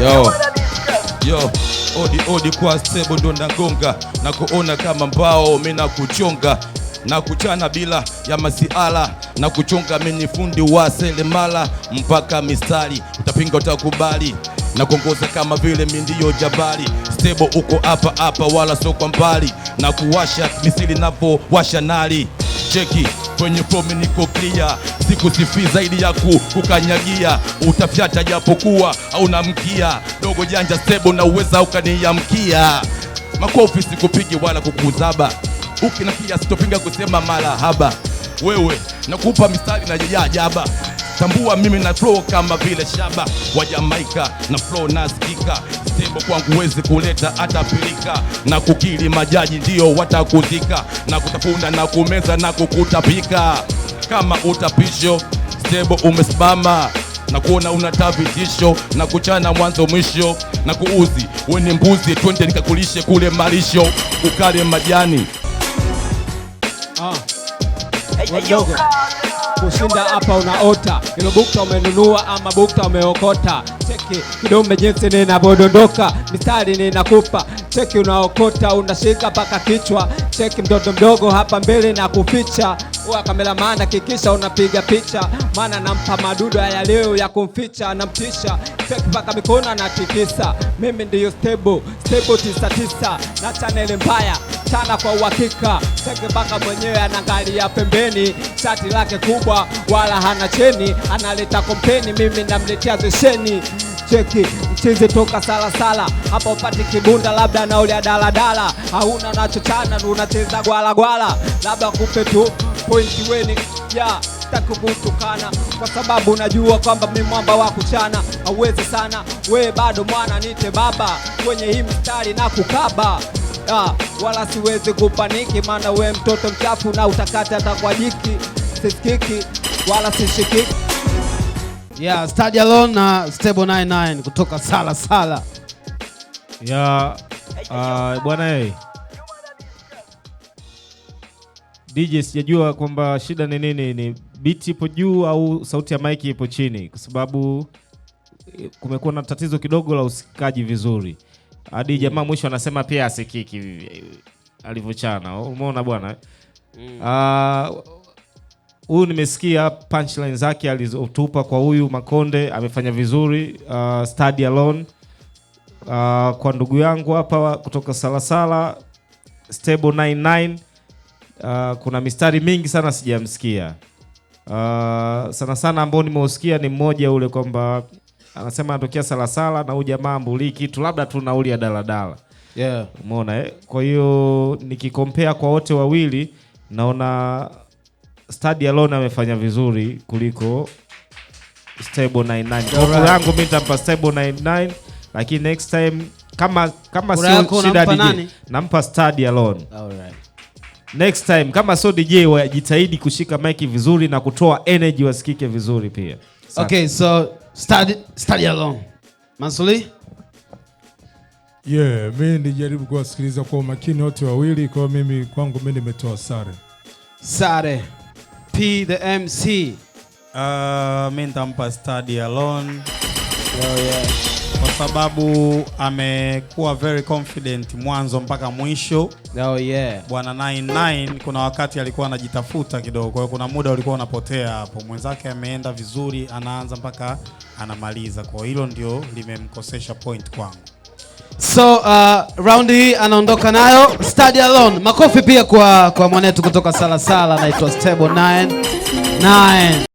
Yo. Yo. Odi odi kwa sebo ndo nagonga na kuona kama mbao mimi nakuchonga na kuchana bila ya masiala na kuchonga mimi fundi wa selemala mpaka mistari utapinga utakubali na kuongoza kama vile mimi ndio jabali stebo uko hapa hapa wala sio kwa mbali na kuwasha misili napo nali cheki kwenye fomi niko clear, siku sifi zaidi ya kukanyagia, utafyata japokuwa au namkia dogo janja sebo na uweza ukaniamkia makofi, sikupigi wala kukuzaba uki na sitopinga kusema marahaba, wewe nakupa mistari na jajajaba tambua mimi na flow kama vile shaba wa Jamaika na flow nasikika sebo kwangu wezi kuleta hata pilika na kukili majaji ndio watakuzika na kutafuna na kumeza na kukutapika kama utapisho sebo umesimama na kuona unatavitisho na kuchana mwanzo mwisho na kuuzi weni mbuzi twende nikakulishe kule malisho ukale majani ah kushinda hapa unaota. ilo bukta umenunua ama bukta umeokota? Cheki kidume jinsi ninapodondoka, mistari ninakupa cheki unaokota unashika mpaka kichwa, cheki mtoto mdogo hapa mbele na kuficha uwa kamera mana kikisha unapiga picha, maana nampa madudu ya leo ya kumficha namtisha, cheki mpaka mikono anatikisa. Mimi ndiyo stable stable tisa tisa na chaneli mbaya sana kwa uhakika, cheki mpaka mwenyewe anaangalia pembeni, shati lake kubwa wala hana cheni, analeta kompeni, mimi namletea zesheni cheki mchizi toka salasala hapa upati kibunda, labda nauli daladala, hauna nachochana unacheza gwalagwala, labda kupe tu pointi weni ya takukutukana kwa sababu najua kwamba mi mwamba wa kuchana hauwezi sana, we bado mwana, nite baba kwenye hii mstari na kukaba ya, wala siwezi kupaniki, maana we mtoto mchafu na utakati atakwajiki jiki, sisikiki wala sishikiki. Yeah, Study Alone na Stable 99 kutoka Sala Sala. Yeah, uh, bwana eh. DJ sijajua kwamba shida ni nini, ni beat ipo juu au sauti ya mic ipo chini, kwa sababu eh, kumekuwa na tatizo kidogo la usikaji vizuri hadi yeah. Mm. Jamaa mwisho anasema pia asikiki eh, alivyochana, umeona bwana eh? mm. uh, huyu nimesikia punchline zake alizotupa kwa huyu Makonde amefanya vizuri uh, study alone uh, kwa ndugu yangu hapa kutoka Salasala Stable 99 uh, kuna mistari mingi sana sijamsikia uh, sana sana ambao nimeusikia ni mmoja ule kwamba anasema anatokea Salasala na huyu jamaa mbuli kitu labda tu nauli ya daladala yeah. Umeona eh? Kwa hiyo nikikompea kwa wote wawili naona Study Alone amefanya vizuri kuliko Stable 99. Kwa yangu mimi nitampa Stable 99 lakini next time kama kama sio shida DJ nampa Study Alone. Alright. Next time kama sio DJ wajitahidi kushika mic vizuri na kutoa energy wasikike vizuri pia. Sana. Okay, so Study Study Alone. Mansuri? Yeah, mimi nijaribu kuwasikiliza kwa umakini wote wawili, kwa mimi kwangu mimi nimetoa sare. Sare. P the MC. Uh, ah, mimi nitampa study alone. Oh, yeah. Kwa sababu amekuwa very confident mwanzo mpaka mwisho. Oh, yeah. Bwana 99 kuna wakati alikuwa anajitafuta kidogo, kwa hiyo kuna muda ulikuwa unapotea hapo. Mwenzake ameenda vizuri, anaanza mpaka anamaliza. Kwa hiyo hilo ndio limemkosesha point kwangu. So uh, round hii anaondoka nayo Study Alone. Makofi pia kwa, kwa mwanetu kutoka Salasala anaitwa Stable 99.